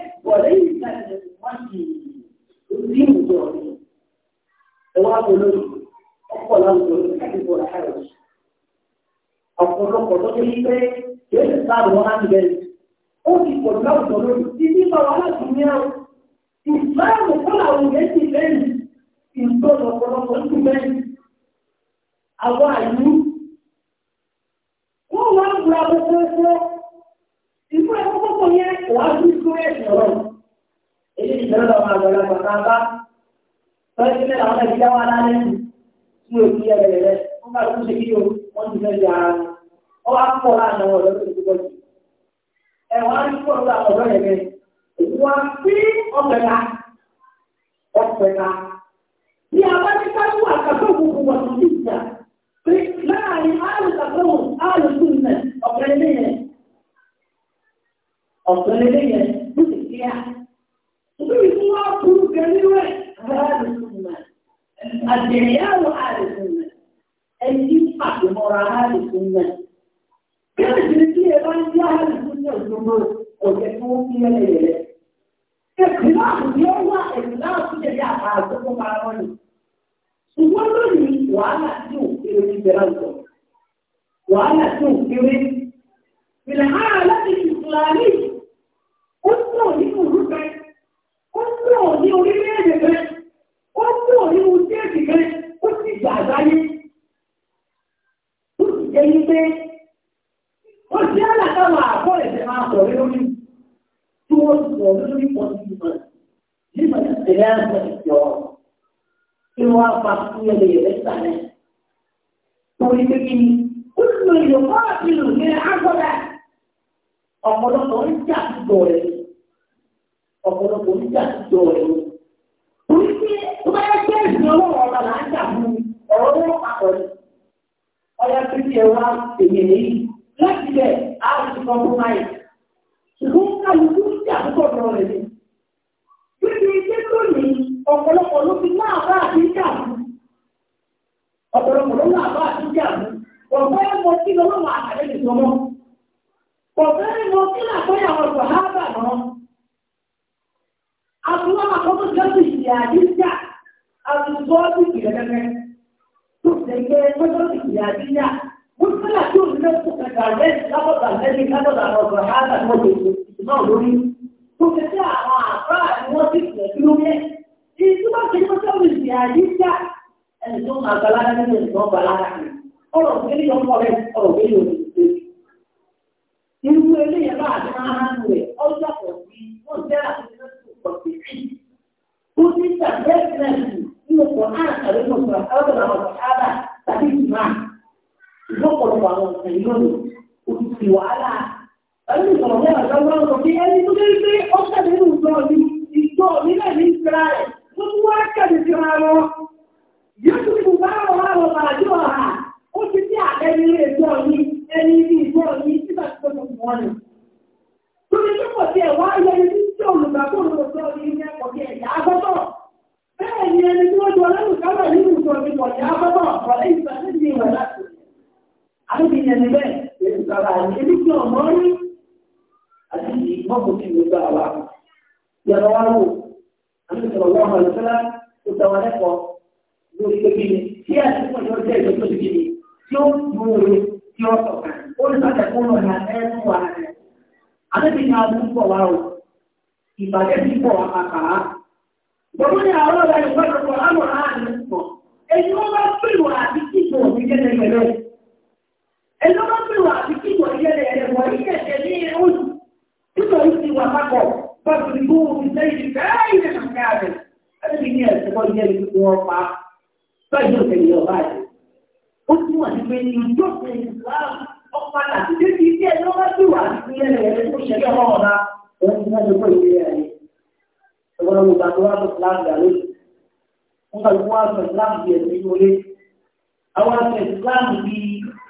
وليس للمسجد الدين ظاهر هو أقول أقول أقول أكيد ولا حرج أقول لك قلت لي كيف صار وانا جالس أوكي قلت له ظاهر تيجي طبعا الدنيا إسلام كل أولاد الناس إنسان وقرآن وإنسان أوعي هو ما أقول أبو kókò yẹn wàá tún ikú ẹ̀sìn ọ̀rọ̀ èyí ti bẹ̀rẹ̀ lọ́wọ́ àgbẹ̀ lọ́wọ́ káńká tọ́jú mẹ́ta wọn ti dáwọ́ alálẹ́ nù tí o ti yẹlẹ rẹ wọ́n bá tún ṣe kí o wọ́n ti fẹ́ di ara rẹ wọ́n wá pọ̀ láàrin àwọn ọ̀dọ́ tó ti gbọ́ jù ẹ̀ wọ́n á ní pọ̀ lọ́wọ́ àwọn ọ̀dọ́ yẹn bẹ́ẹ̀ èyí wọ́n á pín ọ̀pẹ̀ta ọ̀pẹ̀ta bí a bá ní ká wà kàtó gbogbo wọn ti dìjà pé láàrin àlùkàtó àlùkù nẹ ọ̀pẹ̀ ilé yẹn ọ̀sán lélẹ́ yẹn ló sì kí á. Òbí fún wa burú gẹ̀rí rẹ̀ aráàlú súnmọ̀. Àjẹ̀yàwó aráàlú súnmọ̀. Ẹni pàtó mọ́ra aráàlú súnmọ̀. Bẹ́ẹ̀ sì ni bí ẹ bá ń yá aráàlú súnmọ̀ lọ́mọ ọ̀jẹ̀ tó ń fi ẹlẹ́ rẹ̀. Ẹ̀kúnlá àbùdí ó wà ẹ̀kúnlá àbùdí ẹ̀yà àgbẹ̀ tó máa wọ́n ni. Ṣùgbọ́n lónìí wàhálà tí ò kéré ní ìbẹ̀rẹ̀ àwùjọ. Wàhálà tí ò kéré ní بالعالم الإسلامي أسرع لأوروبا أسرع لأولياء أسرع لأولياء أسرع لأولياء ẹ̀yìn pé wọ́n ti yára káwọn àkọ́ ẹ̀sẹ̀ máa sọ lórí tí wọ́n ti sọ lórí pọ̀jùmọ̀ nígbà tí tẹ̀lé àgbà ìjọ kí wọ́n á fa fún ẹ̀lẹ́ ìrẹ́ sàlẹ̀. Torí pé kí ni ó lò ìlú kọ́ àti ìlú ní agbọ́dá ọ̀pọ̀lọpọ̀ ń jà dùdọ̀ ọ̀pọ̀lọpọ̀ ń jà dùdọ̀ orí pé tó bá yẹ kí ẹ̀sìn ọlọ́run ọba là ń jà fún ọ̀rọ̀ owó papọ̀ ni ọ̀yà pípẹ́ ẹ̀ wá èyàn láti bẹ̀ á ti compromise ṣùgbọ́n kálukú ń jà dùdọ̀ náà rẹ̀ ni bíbi iṣẹ́ lónìí ọ̀pọ̀lọpọ̀ ló fi máa bá àti jà fún ọ̀pọ̀lọpọ̀ ló máa bá àti jà fún ọ̀pọ̀ ẹ̀ mọ kò fẹ́rẹ̀ mọ kí náà pé àwọn sàhábà náà àtúwọ́n àkọ́kọ́ jọ́sìn ìyá àdíjà àtúwọ́ sí ìrẹ́lẹ́fẹ́ tó ṣe pé lọ́jọ́ sí ìyá àdíjà wọ́n fẹ́ láti òṣìṣẹ́ tó kẹta rẹ̀ lábọ̀dà lẹ́yìn lábọ̀dà ọ̀dọ̀ àádà náà lè ṣe náà lórí tó ṣe pé àwọn àfáà ni wọ́n ti ṣẹ̀ dúró yẹn ìtumọ̀ ṣe lọ́jọ́ ọ̀rọ̀ òkèlè ọkọ rẹ̀ irú eléyìí bá àti àwọn àwọn sábà ó ti fi wàhálà. Ẹni ìsọ̀rọ̀ ní ẹni tó dé pé nígbà tí wọ́n ti pọ̀ ní ọjọ́ ti kí tí ó mú oore tí ó sọ̀kan olùsọ̀tẹ̀kùn lọ́nà ẹ̀rù wà rẹ̀. Adébí ni a mú pọ̀ wá o, ìbàjẹ́ ti pọ̀ wá kàkàrá. Gbogbo ní àwọn ọ̀rọ̀ ìgbọ́dọ̀kọ̀ láwọn àárín pọ̀. Èyí wọ́n bá pìlù àti kíkò ní gẹ́gẹ́ gẹ́gẹ́. Èyí wọ́n bá pìlù àti kíkò ní gẹ́gẹ́ gẹ́gẹ́ wọ̀ ní ẹ̀jẹ̀ ní oṣù. Títọ̀ yìí ti wà pápọ̀, bọ́ọ̀dù ní gbóhùn ní sẹ́yìn ní káàyè ní kàkàrà rẹ̀. Adébí ni ẹ̀sẹ̀ bọ́ ìjẹ́ ní kíkò wọn pa. Báyìí ò tẹ̀lé ọ̀bá yìí. Ó túmọ̀ sí pé ìjọ́sìn ìsìláàmù ọ̀padà tí ó ti bí ẹjọ́ bá sì wà nílẹ̀ rẹ̀ tó ṣe kí ọmọ ọ̀la òun ti náà lóko ìwé rẹ̀ ni. ọ̀gbọ́n mi gbàgbọ́ wá sọ fúlàmù dà lónìí. wọ́n kà ló wá sọ fúlàmù bí ẹ̀sìn ní olé. àwọn àṣẹ fúlàmù bí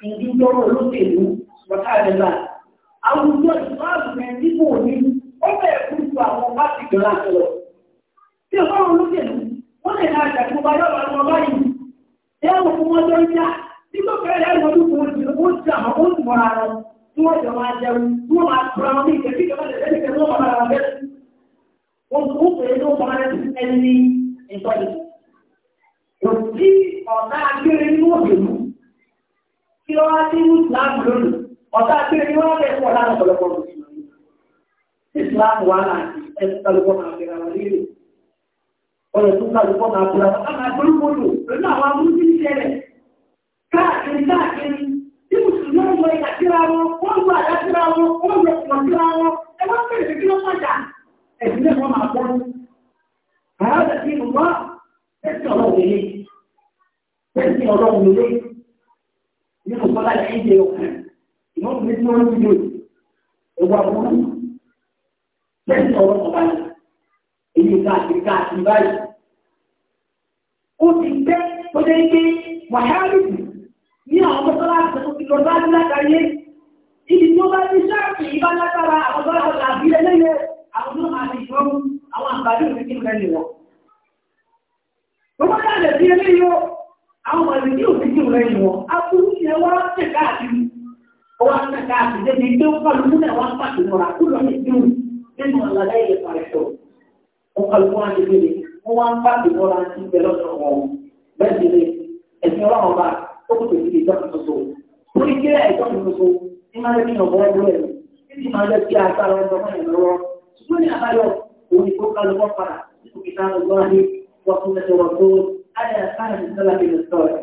ìdíjọ́rò olóṣèlú bàtà rẹ̀ là. àwùjọ fúlàmù rẹ̀ dípò ní ó bẹ̀rẹ̀ fún ju àwọn pàṣẹ ìjọba lọ. tí ọ̀gbọ́n olóṣèlú wọ́n lè nígbà fẹ́ yà wọ́n ní wọ́n ti wọ́n ti àwọn wọ́n ti mọ̀ra wọn tí wọ́n jọ máa jẹun tí wọ́n máa tura wọn ní ìkẹ́kẹ́ kí wọ́n lè lẹ́yìn kẹ́kẹ́ wọ́n máa bẹ́ẹ̀ wọ́n tó pè é ní wọ́n máa ti ẹni ìtọ́jú. kò sí ọ̀tá akéèrè ní wọ́n ti mú kí wọ́n á ti mú ìsìlámù lónìí ọ̀tá akéèrè káàkiri káàkiri tí mùsùlùmí ń lọ ìjà síra wọn wọ́n àdá síra wọn wọ́n lọ pọ̀ síra wọn ẹ wọ́n bẹ̀rẹ̀ kí ló pàjà ẹ̀sìn náà wọ́n máa ní. tí mo wá òwúlé òwúlé mi tí wọ́n ń àbúrú èyí káàkiri káàkiri báyìí. ó ti gbẹ́ kó dé ní àwọn mọ́sálásí tó ti lọ láti látàrí ibi tí ó bá ní sáàpì ìbá àwọn tó láti àbí ẹlẹ́yẹ àwọn tó máa ti fọ́n àwọn àǹfààní òfin kí nǹkan lè wọ̀. náà lè fi eléyọ àwọn ọ̀rẹ́ tí òfin kí nǹkan náà wá pàtó mọ́ra kú lọ sí ìdíwù nínú ọ̀làdá ilẹ̀ ó kò tòbi ìjọ kan ṣoṣo torí kí ẹ̀jọ́ kan ṣoṣo ní máa lẹ́bí ìyànbọ̀ ẹgbẹ́ rẹ̀ ní ti máa lẹ́bí agbára ọjọ́ mọ́ ìrìn lọ́wọ́ ṣùgbọ́n ní àbáyọ òun ni kó kálù bọ́ padà nínú ìta ọgbọ́n ní wọ́n tún lẹ́sẹ̀ wọ́n tó ádàá sáà ní sọ́lá bí lọ́sọ̀ rẹ̀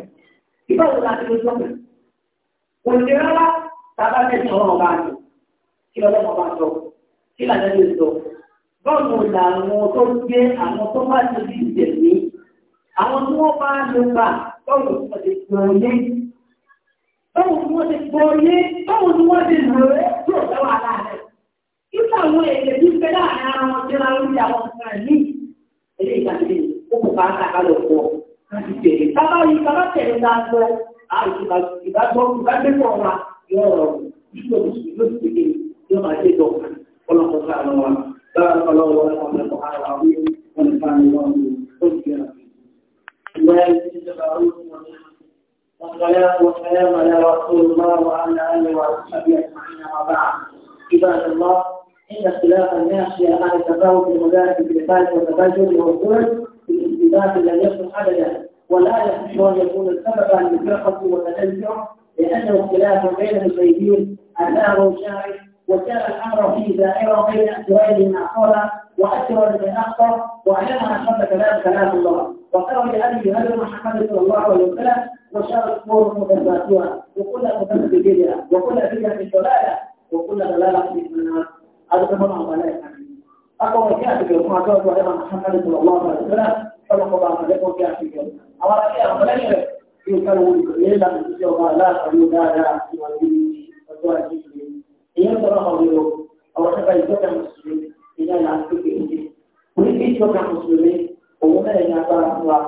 ìbáwo la ti lọ́sọ̀ rẹ̀ kò lè rárá tábà mẹ́sìn ọ̀rọ̀ ọba àti bá ti di bá báwo ni wọ́n ti gbọ́ yé báwo wọ́n ti gbọ́ yé báwo ni wọ́n ti lò ó tí ò dáwà láàrẹ̀ nípa àwọn èdè tí fẹ́ láàrin ara wọn tí wọ́n ń ya wọn fún ẹ̀ ní ilé ìgbàlejò ó kò bá sàkálọ̀ pọ̀ láti tẹ̀lé bàbá yìí bàbá tẹ̀lé ta gbọ́ àwọn ìbágbọ́ ìbágbẹ́pọ̀ wa yóò rọrùn yóò yóò ti kéde yóò máa dé dọ̀ ọlọ́kọ̀ọ́sá àwọn wa bá ọlọ́wọ́ ọlọ́kọ̀ọ́sá àwọn wa wọn ní fáwọn ọmọ الله تبارك والصلاة والسلام على رسول الله وعلى آله وأصحابه أجمعين وبعد عباد الله إن اختلاف الناس في عن التفاوت المدارس بالفاز والتفجر والظلم في الانتباه الذي أبدا ولا يصح أن يكون سببا للفرقة والتنزع لأنه اختلاف بين البيتين أنه شاعر وكان الامر فيه دائره بين اسرائيل من اعقاب واكثر من اخطر وعلمها ان كلام كلام الله وخرج أبي هذا محمد صلى الله عليه وسلم وشار الأمور متفاتها وكل متفات بدعة وكل في ضلالة وكل دلالة في الناس هذا كما الله لا يفهم أقوى كاتب يوم أجاب وإمام محمد صلى الله عليه وسلم صلى الله عليه وسلم كاتب يوم أولا كاتب لا يعرف يكون إلا من تجوى لا تجوى لا سوى وتوى جيبه ينظر أوليه أو شفا يتوقع المسلمين إلى أن أكتب إليه ويجب أن يتوقع المسلمين òun náà ní agbára fún wa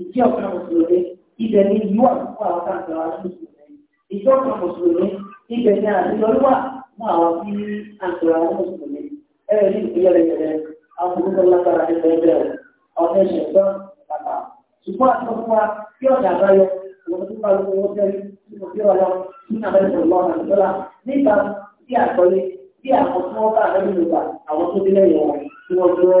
ìdí ọ̀kan mùsùlùmí ibẹ̀ ní ìlú àkókò àwọn káàkiri àwọn mùsùlùmí ìdí ọ̀kan mùsùlùmí ibẹ̀ ní àdìlọ́lùwà fún àwọn tí àǹtọ̀rọ̀ àwọn mùsùlùmí ẹ̀rọ ní ìpínlẹ̀ ìpínlẹ̀ àwọn olùkọ́ lágbára ẹgbẹ́ ẹgbẹ́ àwọn ẹ̀ṣẹ̀ gbọ́n bàbá ṣùgbọ́n àti ọkọ wa bí ọ̀dà àbáyọ òun tó bá lóko wọ́n fẹ́ẹ́ nínú bí ọlọ́ nínú abẹ́rẹ́ ọlọ́run àdìlọ́lá nígbà bí àkọlé bí àwọn tí wọ́n bá àbẹ́rẹ́ lò wà àwọn tó délẹ̀ yẹn tí wọ́n dúró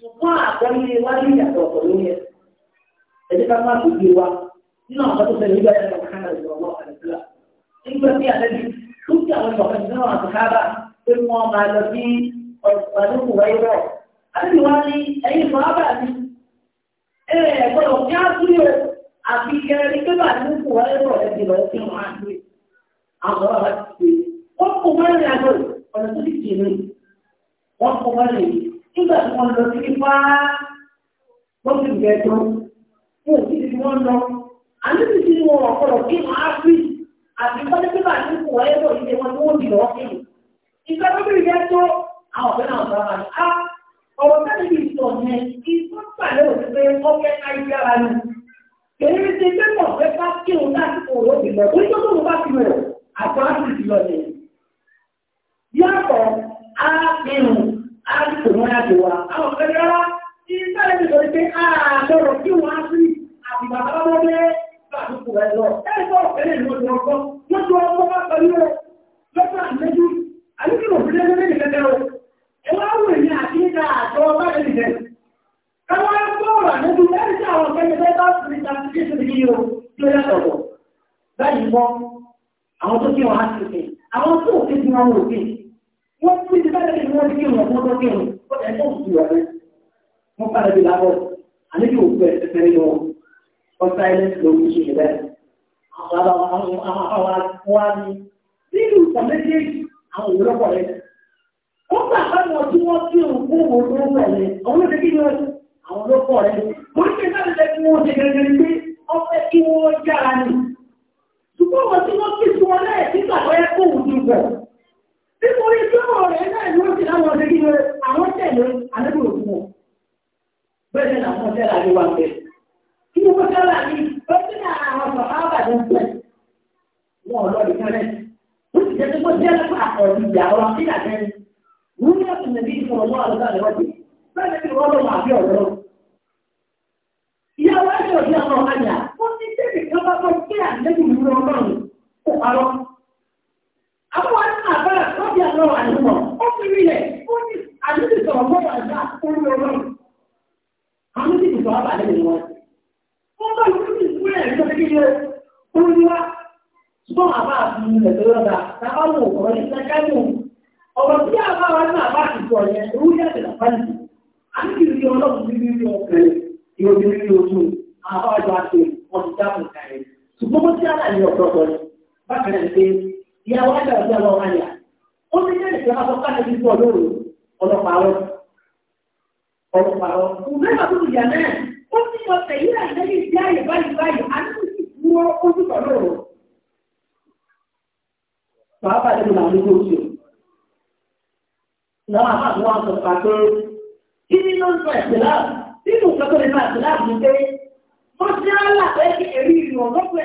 ṣùgbọ́n àgbáyé wa ní ìyàtọ̀ ọ̀pọ̀ lórí ẹ̀. ẹ̀jẹ̀ ká máa gbé wa nínú àwọn tó ṣẹlẹ̀ nígbà yẹn lọ́wọ́ káàdà ìjọba ọmọ àdìsílà. nígbà tí àlejò tó ti àwọn ìṣọ̀kan ìṣẹ́ wọn àti káàdà pé wọ́n máa lọ sí ọ̀dọ́kù wáyé rọ̀. àti wá ní ẹ̀yìn fọ́ábà ni ẹ gbọ́dọ̀ kí á nígbà tí wọ́n lọ sí ipá wọ́n ti bẹ̀ẹ̀ tán wọn ò sì ti wọ́n lọ àní ti ti wọn ọ̀pọ̀lọ̀ kí wọ́n á fi àti wọ́n ti bá àti kù wáyé bọ̀ ìdè wọn tí wọ́n ti lọ́ọ́ kí ìgbà tó bẹ̀rẹ̀ yẹn tó àwọn ọ̀fẹ́ náà bá wà ní á ọ̀rọ̀ sáré bíi sọ yẹn kí wọ́n pàlẹ́ òfin pé ọ̀fẹ́ ayélujára ni kèrè ti pé mọ̀ fẹ́ bá kí òun láti kó òun ti lọ orí tó tó bá ti rẹ̀ àgbà á ti lọ yẹn. Yàtọ̀ á pinnu á Àwọn ọ̀gẹ́gẹ́ kí wọ́n á sí fi àwọn tó kí wọn á òfin wọ́n ti ti bẹ́ẹ̀ lẹ́yìn wọ́n kírun ọ̀pọ̀ tó kírun ó ẹ̀ tó kù ọ̀rẹ́ wọ́n padà bí lábọ̀ àníbi òkú ẹ̀ ti fẹ́rẹ́ wọn wọ́n sáyẹ́nsì ló ń ṣe bẹ́ẹ̀ àwọn àwọn àti nínú àwọn òwúrọ̀pọ̀ rẹ̀ ó gbà báwọn àwọn ló ti rẹ̀ mo ní kí wọ́n ti wọ́n ṣe gẹ́gẹ́ pé wọ́n fẹ́ kí wọ́n yára ni ṣùgbọ́n kí wọn lẹ́yìn nígbà tó yẹ kó òun nítorí tí ọ̀rọ̀ rẹ̀ náà ló ti láwọn ọdẹ kí àwọn tẹ̀lé alẹ́bùrò fún wọn bẹ́ẹ̀ náà wọ́n tẹ́lá ní wa bẹ́ẹ̀ kí ni wọ́n tẹ́lá ní ó ti ní àwọn bàbá àbàdàn pẹ̀ wọn ò lọ́ọ̀dì kẹ́rẹ́ ó sì jẹ́ pé wọ́n jẹ́ lọ́pọ̀ àkọ́ọ̀dì ìyá ọ̀rọ̀ kí là bẹ́ẹ̀ wọ́n ní ọ̀sùn nàbí ìfọ̀rọ̀ mọ́ àlùkà rẹ̀ wọ́n ti bẹ́ẹ̀ ni wọ́n lọ́wọ́ àbí ọ̀rọ̀ ìyá wa ṣe òbí àwọn ọ̀hánà ọlọ́run àlùmọ̀ ó fi rí ẹ̀ ó ní àdúgbò sọ̀rọ̀ mọ́tò àgbà orí ọlọ́run àwọn tí kò sọ àbà lẹ́nu wọn. wọ́n bá ìlú ní ìlú rẹ̀ ní ọdún kékeré orí wa ṣùgbọ́n àbá àfihàn ilẹ̀ tó yọ̀dà táwọn òkòrò ní sẹ́kẹ́mù ọ̀rọ̀ tí àbá wa ní àbá àtìkọ̀ yẹn owó yàtọ̀ làpáàlì àti ìrírí ọlọ́run ní rírí ọkẹ́ ìròyìn rírí ojú àbá àjọ àti ọ̀sùn dáàbò kàrẹ̀ ṣùgbọ́n mo ti àlàyé ọ̀pọ̀lọpọ̀ bákan náà ṣe ìyàwó àjọ àti àwọn ọmọ àyà ó ní kí èsì máa sọ ká níbi pọ̀ lóru ọlọ́pàá rẹ̀ ọlọ́pàá rẹ̀ òun náà tó yà náà ó ní ọ̀sẹ̀ yìí àìlẹ́yìn sí ààyè báyìí báyìí àdúgbò sì dúró ojú pọ̀ lóru. pàápàá lẹ́nu làwọn ní kóòtù làwọn àbáàbò wọn sọ pàtó kí ni ló ń sọ ẹ̀sìn láàbù nínú nǹkan tó lè máa sọ láàbù ní pé wọ́n ti á là kí èrí ìlú ọ̀gọ́gbọ̀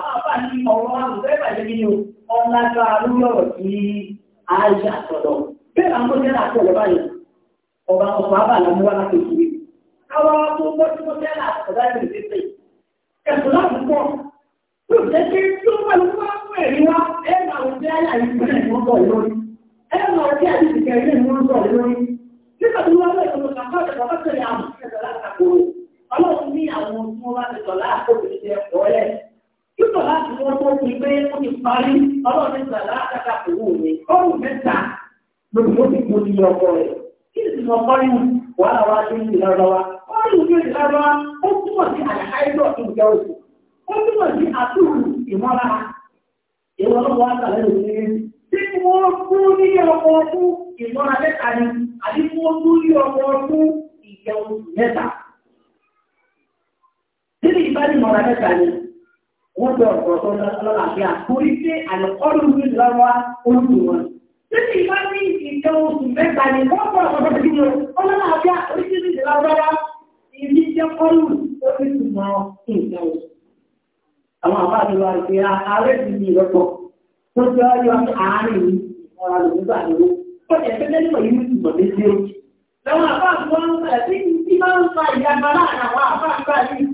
àwọn àbá ní ọ̀rọ̀ àrùn fẹ́ bàjẹ́ nínú ọlágbá lóyọ̀rọ̀ sí àjà sọ̀rọ̀. Bẹ́ẹ̀ bá ń kó jẹ́rà àtọ̀lẹ̀ báyìí, ọba ọ̀pọ̀ àbá ló mú wá láti ìwé. Káwá tó gbọ́ tí wọ́n jẹ́rà àtọ̀lẹ̀ báyìí ti sè. Ẹ̀sùn láti pọ̀. Yóò jẹ́ pé tí ó pẹ̀lú wá fún ẹ̀rí wá, ẹ máa wọ sí àyà ìpínlẹ̀ ìwọ́n sọ̀ lórí. Ẹ máa sí àyà ìpínlẹ̀ ìwọ́n sọ̀ lórí. Nígbà tí wọ́n lọ́ọ̀ ìṣòro kàkọ́ ìṣòro kàkọ́ ìṣòro àwọn ìṣẹ̀lẹ̀ àkókò. Ọlọ́run ní àwọn tí wọ́n bá ti sọ̀ láàkókò ìṣẹ̀lẹ̀ ọ̀rẹ́. Yóò láti wọ́n tó fi pé ó ti parí ọlọ́run látàkà òwò mi. Ọrùn mẹ́ta lòdùmọ́ ti kò ní ọkọ rẹ̀. Kí ni mo parí wàhálà wa ṣe ń ìlara wa? Wọ́n ní ìwé ó túmọ̀ sí àyàkáyọ̀ ìjọ òkú. Ó túmọ̀ sí àtúrù ìmọ́ra. Ìwọ náà wá kàlẹ́ òṣèré. Tí wọ́n kú ní ọmọ ọdún ìmọ́ra mẹ́ta ni, àbí wọ́n kú ní ọmọ ọdún ìjẹun mẹ́ta. Tí ní ìmọ́ra wọ́pọ̀ ọ̀pọ̀ lọ́làfíà torí pé àlọ́kọ́lù ní lọ́wọ́ oṣù wọn. Títí bá ní ìjọ oṣù mẹ́ta ni wọ́n pọ̀ ọ̀pọ̀ lọ́làfíà ní ọlọ́làfíà oríṣiríṣi ìlọ́wọ́ ìdí jẹ́ kọ́lù oṣù mọ́ ìjọ oṣù. Àwọn àbá mi wá ìpè ààrẹ ti di ìrọ́pọ̀ tó jẹ́ ọyọ àárín mi ìmọ̀ra lòún gbà lówó. Ó jẹ́ pé lẹ́yìn pẹ̀lú ìmọ̀ méjì ó. Lọ́wọ́ àbá mi wọ́n ń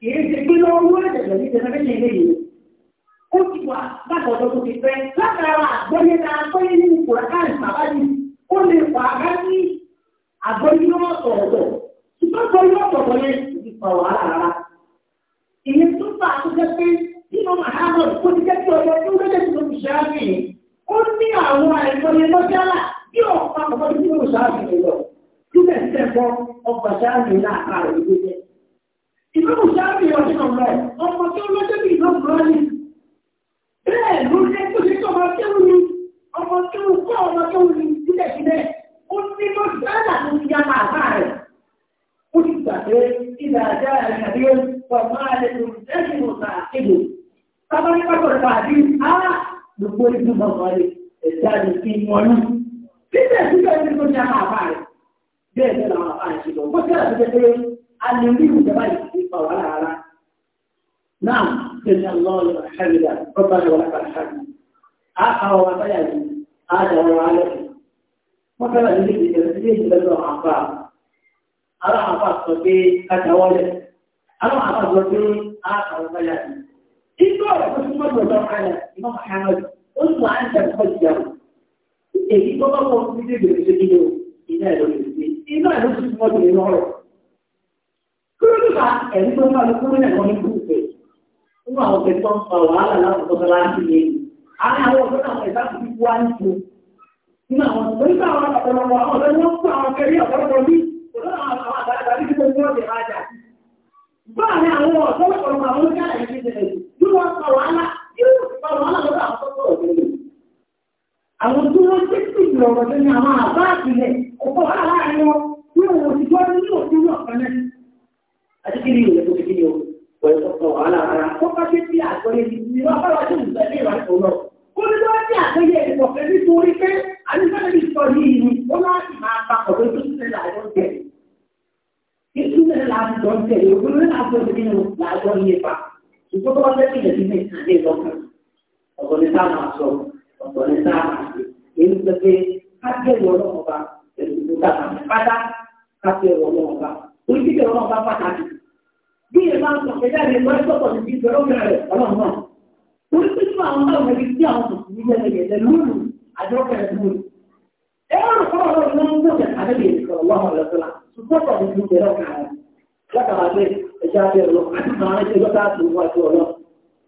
kìí ṣe pé lọ́wọ́ ẹ̀dẹ̀gbẹ̀ ní jẹnẹrẹ́ṣẹ̀ eléyìí ó ti wà látọ̀dọ̀ tó ti fẹ́ látara àgbọ́yé ta àgbọ́yé nínú kùrákàrì bàbá yìí ó lè fà á ní àgbọ́yé ọ̀tọ̀ọ̀tọ̀ ṣùgbọ́n àgbọ́yé ọ̀tọ̀ọ̀tọ̀ yẹn ti fà wàhálà rárá ìyẹn tó fà á tó jẹ́ pé nínú màhámọ́ kó ti jẹ́ kí ọjọ́ tó lẹ́lẹ̀ tó fi ṣááfì ó ní àwọn àìsọ̀yẹ lọ́jọ́lá bí ọ̀pá ọmọdé tó fi ṣááfì lọ síbẹ̀síbẹ̀ kọ́ ọgbà ṣááfì náà àkàrà ìgbésẹ̀ ìlú sáàbì ọdún ọ̀rọ̀ ẹ̀ ọmọ tó lọ́jọ́ bí ìlú ọ̀rọ̀ ni bẹ́ẹ̀ ló jẹ́ tó ṣe tọ́mọ tó ń ni ọmọ tó ń kọ́ ọmọ tó ń ni sílẹ̀sílẹ̀ ó ní ló sáàdà tó ti yára àbá rẹ̀ ó ti gbà pé ilẹ̀ àjá rẹ̀ àbí ọmọ rẹ̀ ló ẹ̀sìn ọ̀sà àkébò sábà ní pápá ọ̀sà àbí á gbogbo ìlú ọmọ rẹ̀ ẹ̀dá ni kí wọ́n ní sílẹ̀sílẹ̀ ní ló yára àbá الذين جبالي في طوال على نعم إن الله يرحمنا ربنا ولك الحمد أخا وطيب هذا هو عليه وكما ذلك يجب بدر عفاف أرى عفاف صبي أتولد أرى عفاف صبي أخا وطيب إن قال فسمت وزر على إمام محمد أصل أنت تفجر إذا كنت تقول إذا كنت تقول إذا كنت تقول إذا كنت تقول إذا كنت تقول fa ẹ̀rí tó fa lókùn náà wọ́n ní kúrúkẹ́ nínú àwọn ọ̀kẹ́ tó ń fa wàhálà láwùjọ tó láti lé ní. àwọn àwọn náà ẹ̀dá ti fi wá ní nínú àwọn onígbà àwọn ọ̀pọ̀lọpọ̀ àwọn ọ̀dọ́ ni wọ́n kó àwọn kẹrí ọ̀pọ̀lọpọ̀ bí ọ̀dọ́ àwọn àgbàlagbà bí àwọn ọ̀pọ̀lọpọ̀ àwọn onígbà yẹn ti tẹ̀lé yóò fa fa wàhálà lọ́dọ̀ àwọn tó sọ̀rọ̀ tẹ̀lé. àwọn àti kí ni ìwé o wọ́n sọ fún wàhálà ara kó bá ṣe bí ti ní wọ́n bára tó nígbà ní ìwà ìfọ̀ náà ó ní wọ́n ti àgbọ̀yé ìfọ̀ fẹ́ nítorí pé àdìsọ́lẹ̀ ti sọ ní ìlú ó láti máa pa ọ̀dọ́ tó ti tẹ̀lé àjọ tẹ̀ ètò ìlẹ̀ làjọ tẹ̀lé òkúrò ní àjọ ti kí ni o làjọ ní ipa ṣùgbọ́n tó bá fẹ́ kílẹ̀ sí ní ìlọ́kàn ọ̀dọ̀ ní sáà máa sọ ọ̀dọ̀ sáà máa ṣe èyí torí kíkẹ́ bá pàtàkì bí ẹ máa sọ ẹ̀dá rẹ̀ lọ́wọ́ sọ̀tọ̀ ní ti ìgbẹ́rọ̀ mẹ́rin rẹ̀ ọlọ́run náà torí àwọn ọmọ ẹ̀rí tí àwọn mùsùlùmí lẹ́nu yẹn lẹ́nu lónìí àjọpọ̀ ẹ̀ ẹ wọ́n rò fún ọlọ́run náà ń gbọ́dọ̀ àdébì ìsọ̀rọ̀ wà wọn lọ́sọ̀lá sọ̀tọ̀ ní ti ìgbẹ́rọ̀ mẹ́rin látara pé ẹja bẹ ọlọ àti màá rẹ ti lọ́ta àti ìwà àti ọlọ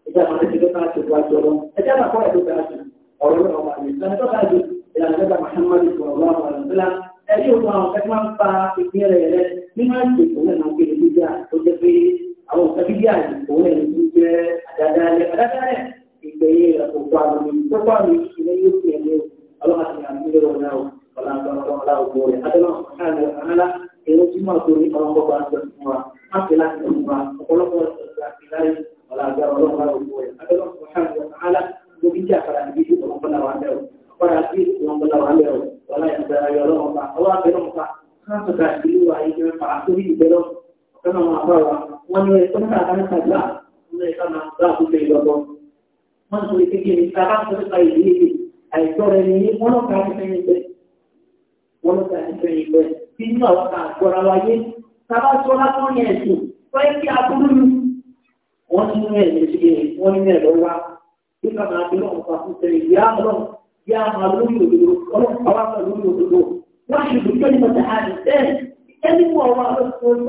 ẹja màá rẹ ti lọ́ta àti ìwà àti ọlọ ẹja bá kọ́ ẹ̀dọ́ bá ti ọ̀rọ̀ ada ada ada ada, nínú ẹ̀sìn òun náà gbé ní gbígbà tó jẹ́ pé àwọn nǹkan bíbí àyè òun náà ní jẹ́ àdádálẹ̀ ada ìgbẹ̀yẹ òkú ada púpọ̀ àlùmí ìṣẹ̀lẹ̀ yóò fi ẹ̀mí ọlọ́pàá ti àmì ìlú ọ̀nà ọ̀làǹgbọ̀nà òkú rẹ̀ adọ́nà ọ̀hánà ọ̀hánà ada tí máa torí ada bá ń ada fún wa má fi láti fún wa ọ̀pọ̀lọpọ̀ ọ̀làǹgbọ̀nà ada òkú rẹ̀ adọ́nà ọ̀hánà ọ̀hánà lóbi ada àkàrà ìbí ada àwọn àbẹ̀wò ọ̀pọ̀lọpọ̀ àwọn àbẹ̀wò wọ́n láyé wọn ní ẹ̀kọ́ nípa àbáńkà gbà wọn ní ẹ̀ka máa gbà àkókò ìlọ́gbọ́ wọn sọ pé kékeré ní sábà ń sọ nípa ìlú èdè àìsọ rẹ ní wọn lọ ka ẹsẹ yìí bẹ wọn lọ ka ẹsẹ yìí bẹ bí nínú àwọn kan àgbọra wáyé sábà sọ lásán yẹn ẹsùn fẹẹ kí aburú ni wọn nínú ẹ lè ṣe wọn nínú ẹ lọ wá bí kàmá àbílọ̀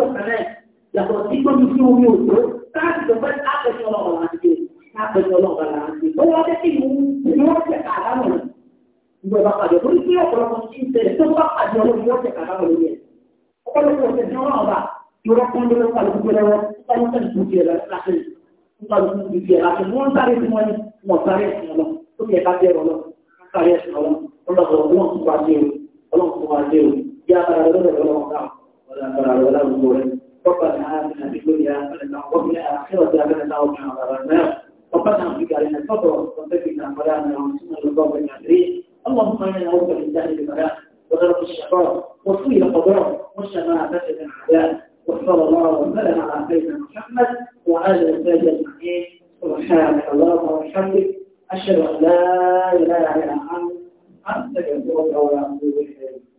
máa yàtọ̀ sí gbọ́dọ̀ sí omi òjò táàbì tó fẹ́ àpẹjọ ọlọ́run àti àpẹjọ ọlọ́run àti ó wọ́n jẹ́ kí ìlú wọ́n tẹ̀ ká àdámọ̀ rẹ̀ ìgbà bá pàdé torí pé ọ̀pọ̀lọpọ̀ ti ń tẹ̀lé tó bá pàdé ọlọ́run wọ́n tẹ̀ ká àdámọ̀ rẹ̀ yẹn ọ̀pọ̀lọpọ̀ tẹ̀ sí ọlọ́run bá yọrọ kún lórí kálukú gbẹrẹ wọn kálukú ní kùtì ẹ̀rọ láti kálukú ní kùtì ẹ̀rọ láti wọn sáré sí wọn ni wọn sáré sí wọn lọ ó yẹ ká bẹ̀rẹ̀ ọlọ́ sáré sí wọn lọ ọlọ́run tó wá dé o ọlọ́run tó wá dé o yá ara rẹ̀ lọ́dọ̀ ọlọ́run náà ọ̀dà ara rẹ̀ lọ́dọ̀ gbogbo rẹ̀. ربنا آتنا في الدنيا حسنة وفي الآخرة حسنة وقنا عذاب النار ربنا اغفر علينا الفضل وتثبتنا ولا تنسنا للضرب الكافرين اللهم انا نعوذ بالله ببلاء وغرق الشقاء وسوء القضاء والشماعة الاعداء وصلى الله وسلم على سيدنا محمد وعلى اله اجمعين سبحانك اللهم وبحمدك اشهد ان لا اله الا انت استغفرك واتوب